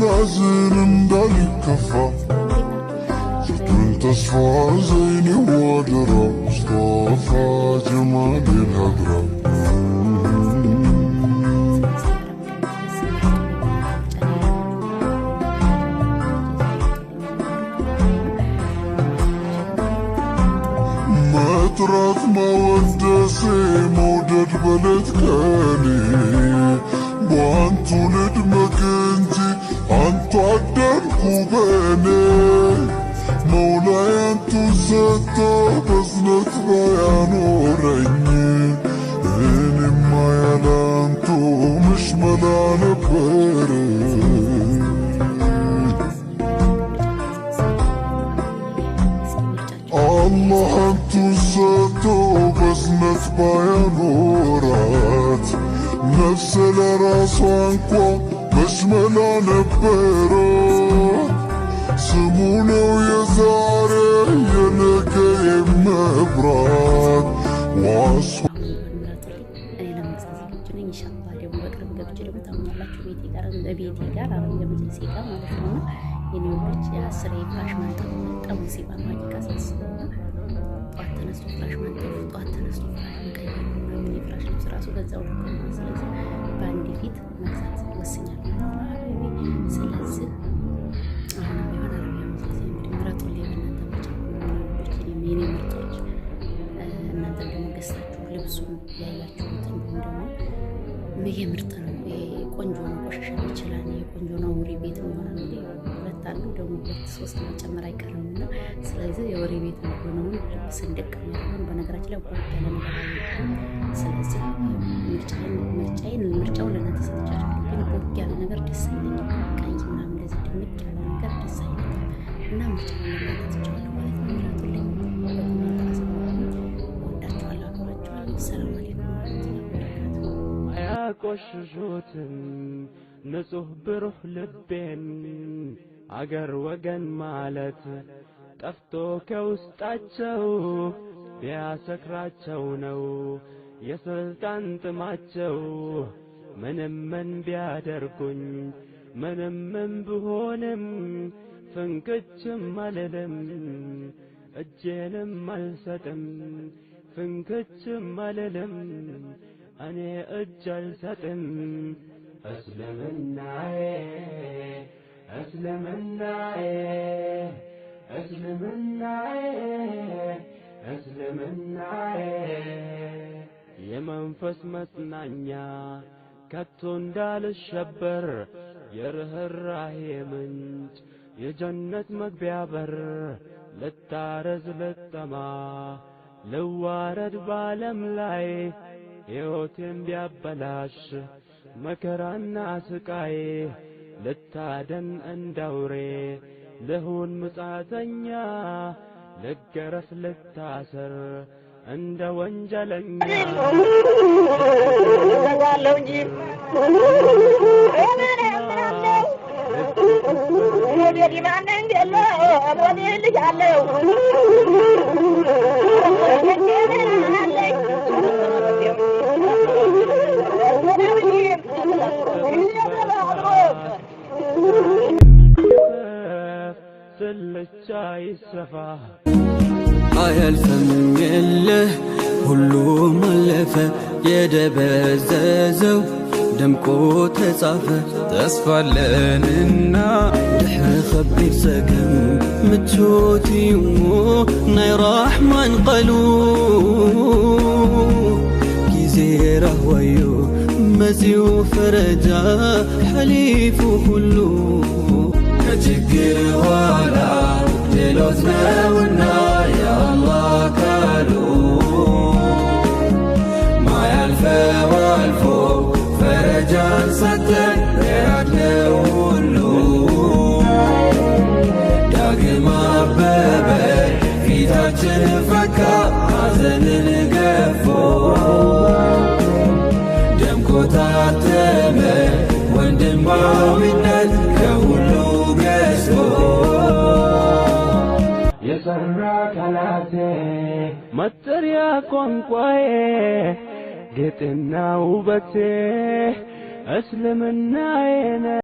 منازل ذلك كفى سترنت أصفى زين ودرى اصطفى جمال الهدرى مترك مودة سي مودة بلد كاني sette bezletmeyen o rengi Benim hayalim tutuşmadan öperim Allah'ım tuzette o bezletmeyen o rat Nefseler aslan ko bezmelan öperim Simune uyazare መብራት ዋሶ ኢንሻአላህ ደግሞ በቅርብ ገብቼ ደግሞ ታምናላችሁ ቤቴ ጋር ቤቴ ጋር አሁን ለመጅልስ ጋር ማለት ነው የኔ ልጅ የአስር ፍራሽ ማንጠፍ በጣም ሙሲባ ነው። ሀቂቃ ሳስበውና ጠዋት ተነስቶ ፍራሽ ማንጠፍ ጠዋት ተነስቶ ፍራሽ መቀየር ምናምን የፍራሽ ልብስ ራሱ በዛው ነው። ስለዚህ በአንድ ፊት መግዛት ወስኛለሁ። ስለዚህ ቆንጆ ነው፣ ቆሻሻም ይችላል። የቆንጆ ነው ወሬ ቤት ይሆናል። እንግዲህ ሁለት አንዱ ደግሞ ሁለት ሶስት መጨመር አይቀርም እና ስለዚህ የወሬ ቤት ሆነውን ስንደቅ ያለን በነገራችን ላይ ጓዳ ለመገናኘ ስለዚህ ምርጫውን ለእናንተ ሰጥቻለሁ። ግን ቦግ ያለ ነገር ደስ ይለኛል። ቀይ ምናምን እንደዚህ ድምቅ አቆሽሹትም ንጹሕ ብሩህ ልቤን አገር ወገን ማለት ጠፍቶ ከውስጣቸው ቢያሰክራቸው ነው የሥልጣን ጥማቸው። ምንም ምን ቢያደርጉኝ ምንም ምን ብሆንም ፍንክችም አልልም እጄንም አልሰጥም ፍንክችም አልልም እኔ እጅ አልሰጥም እስልምናዬ እስልምናዬ እስልምናዬ እስልምናዬ የመንፈስ መጽናኛ ከቶ እንዳልሸበር የርኅራኄ ምንጭ የጀነት መግቢያ በር ልታረዝ ልጠማ ልዋረድ ባለም ላይ ሕይወቴን ቢያበላሽ መከራና ስቃዬ ልታደን እንዳውሬ ልሁን ምጻተኛ ልገረፍ ልታሰር እንደ ወንጀለኛ እዘጋለሁ እንጂ ዳርቻ ይሰፋ አያልፍም የለህ ሁሉም አለፈ የደበዘዘው ደምቆ ተጻፈ ተስፋለንና ድሕሪ ከቢድ ሰገም ምቾት እዩሞ ናይ ራሕማን ቀሉ ጊዜ ረህወዩ መጺኡ ፈረጃ ሓሊፉ ኩሉ ከችግር ኋላ ሌሎት ነውና የአላህ ካሉ ማያልፈው አልፎ ፈረጃን ሰጠን ያለው ሁሉ ዳግም አበበ ፊታችን ፈካ ሐዘንን ገፎ ደምቆታተ እናቴ መጠሪያ ቋንቋዬ ጌጥና ውበቴ እስልምናዬ